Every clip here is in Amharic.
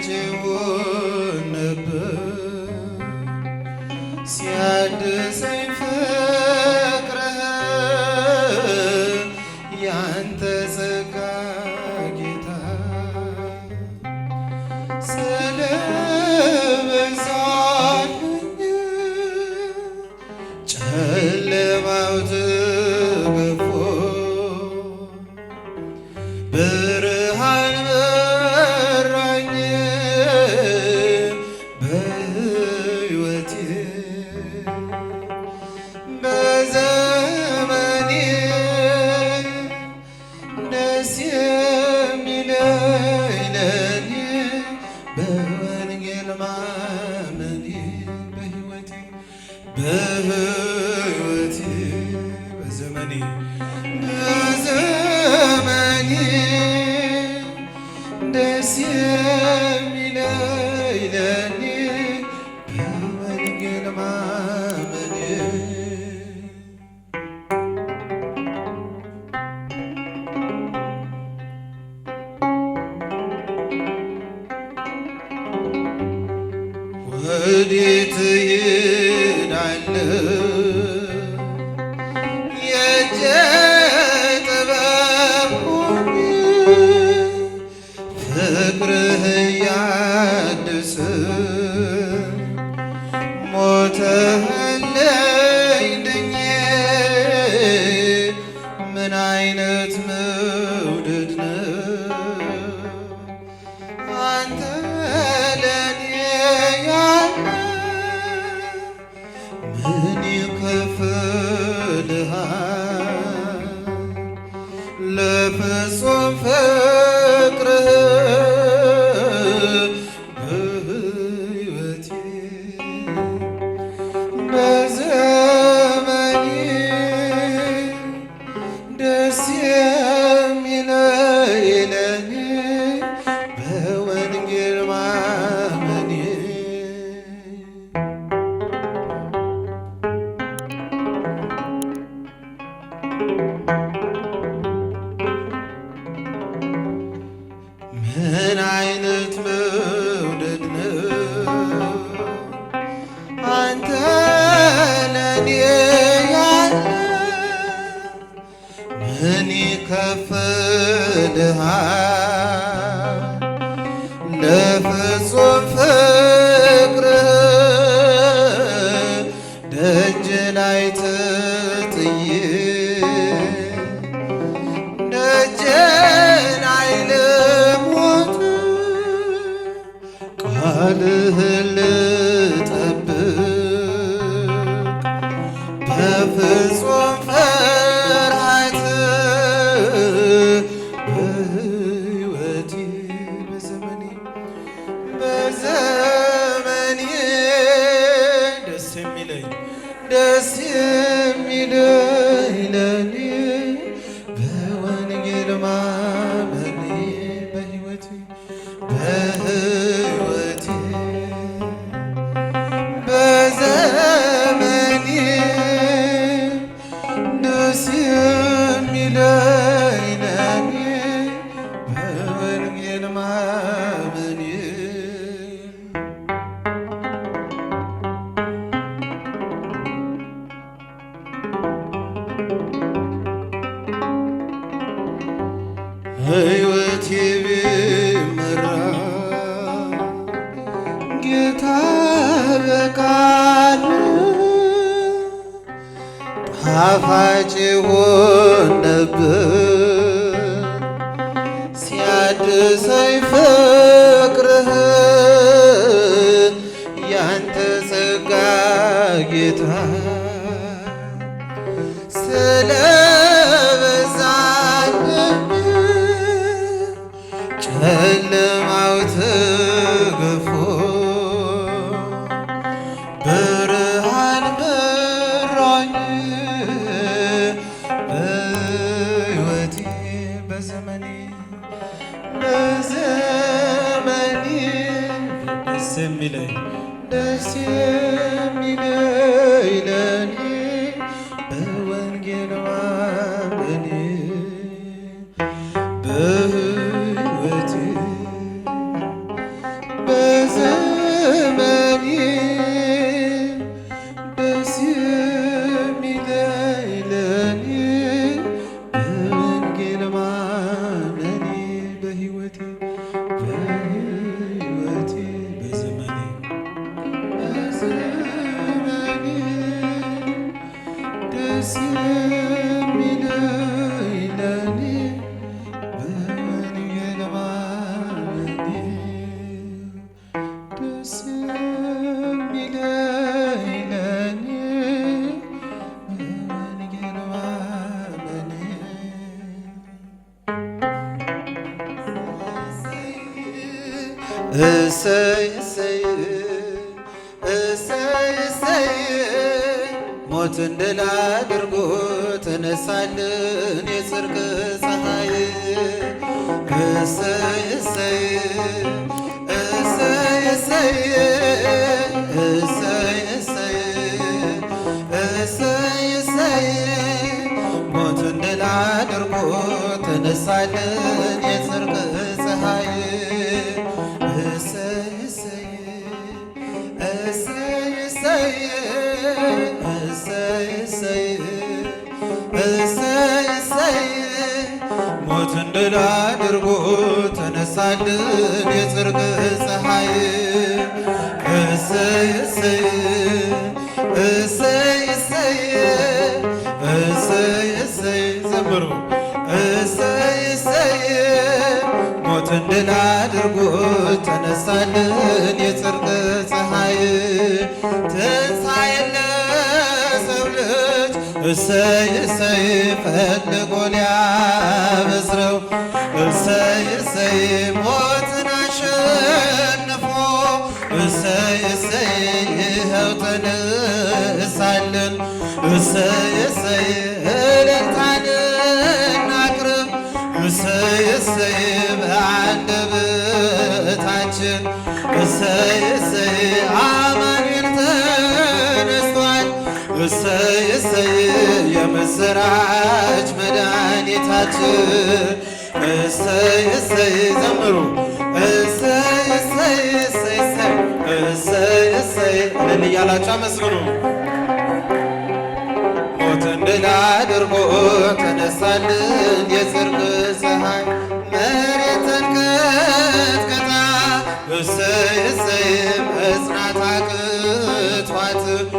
that you would. New ፍድሃ desce ጣፋጭ ይሆን ነበር ሲያድሰኝ ፍቅርህ ያንተ ጸጋ ጌታ ስለ ጨለ እሰይ እሰይ እሰይ እሰይ ሞትን ድል አድርጎ ተነሳልን የጽድቅ ፀሐይ እሰይ እሰይ እሰይ እሰይ እሰይ እሰይ እሰይ እሰይ ሞትን ድል አድርጎ ተነሳልን እሰይ እሰይ እሰይ ሞትን ድል አድርጎ ተነሳልን የጽርቅ ፀሐይ እሰይ እሰይ እሰይ እሰይ እሰይ እሰይ ዘምሩ እሰይ እሰይ ሞትን ድል አድርጎ ተነሳልን የጽርቅ ትንሣኤ ለሰው ልጅ እሰይ እሰይ ፈልጎ ሊያበስረው እሰይ እሰይ ሞትን አሸንፎ እሰይ እሰይ ይኸው ተነሳልን እሰይ እሰይ እልልታን እናቅርብ እሰይ እሰይ በአንደበታችን እሰይ እሰይ እሰይ የምስራች መድኃኒታችን እሰይ እሰይ ዘምሩ እሰይ እሰይ እሰይ እሰይ እሰይ እልል እያላችሁ አመስግኑ። ሞትን ድል አድርጎ ተነሳልን የጽድቅ ፀሐይ መሬትን ቀጥቀጣ እሰይ እሰይ መጽናት አቅቷት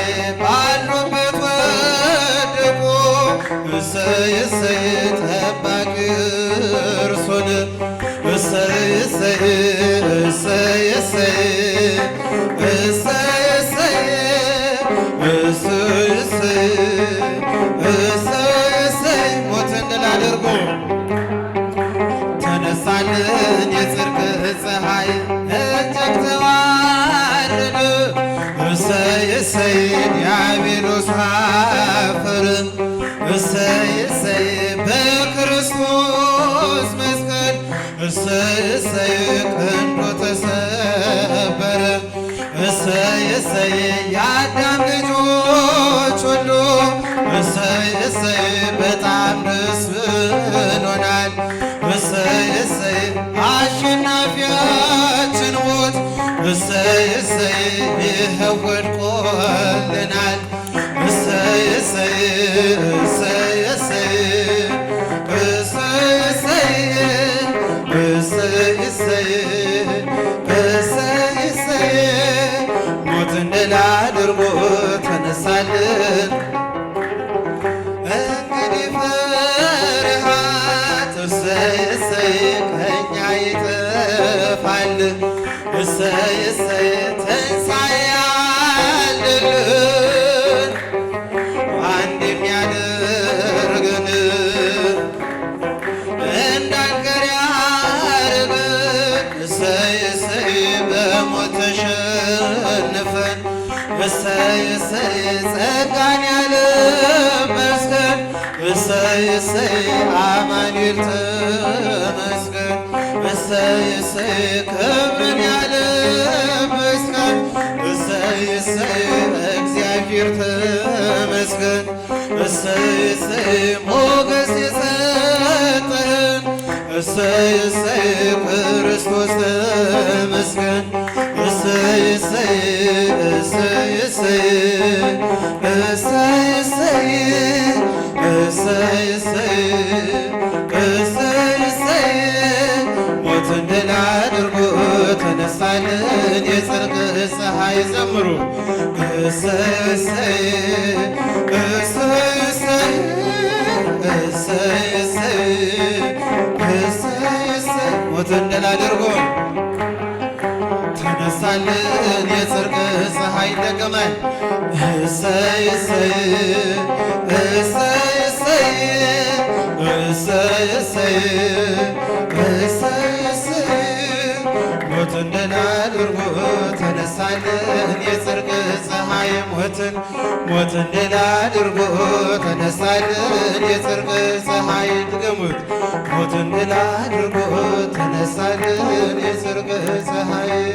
እሰይ ቀንዶ ተሰበረ እሰይ እሰይ እሰይ እሰይ አማኑኤል ተመስገን እሰይ እሰይ ክብርን ያለ መስቀል እሰይ እሰይ እግዚአብሔር ተመስገን እሰይ እሰይ ሞገስ የሰጠን እሰይ እሰይ ክርስቶስ ተመስገን እሰይ እሰይ እሰይ እሰይ እሰይ እሰይ የጽድቅ ፀሐይ ዘምሩ እሰይ እሰይ ድል አድርጎ ተነሳልን የጽድቅ ፀሐይ ደቀመን እሰይ እሰይ እሰይ ሞትን ድል አድርጎ ተነሳልን የጽርቅ ፀሐይ ሞትን ሞትን ድል አድርጎ ተነሳልን የጽርቅ ፀሐይ ድገሙት ሞትን ድል አድርጎ ተነሳልን የጽርቅ ፀሐይ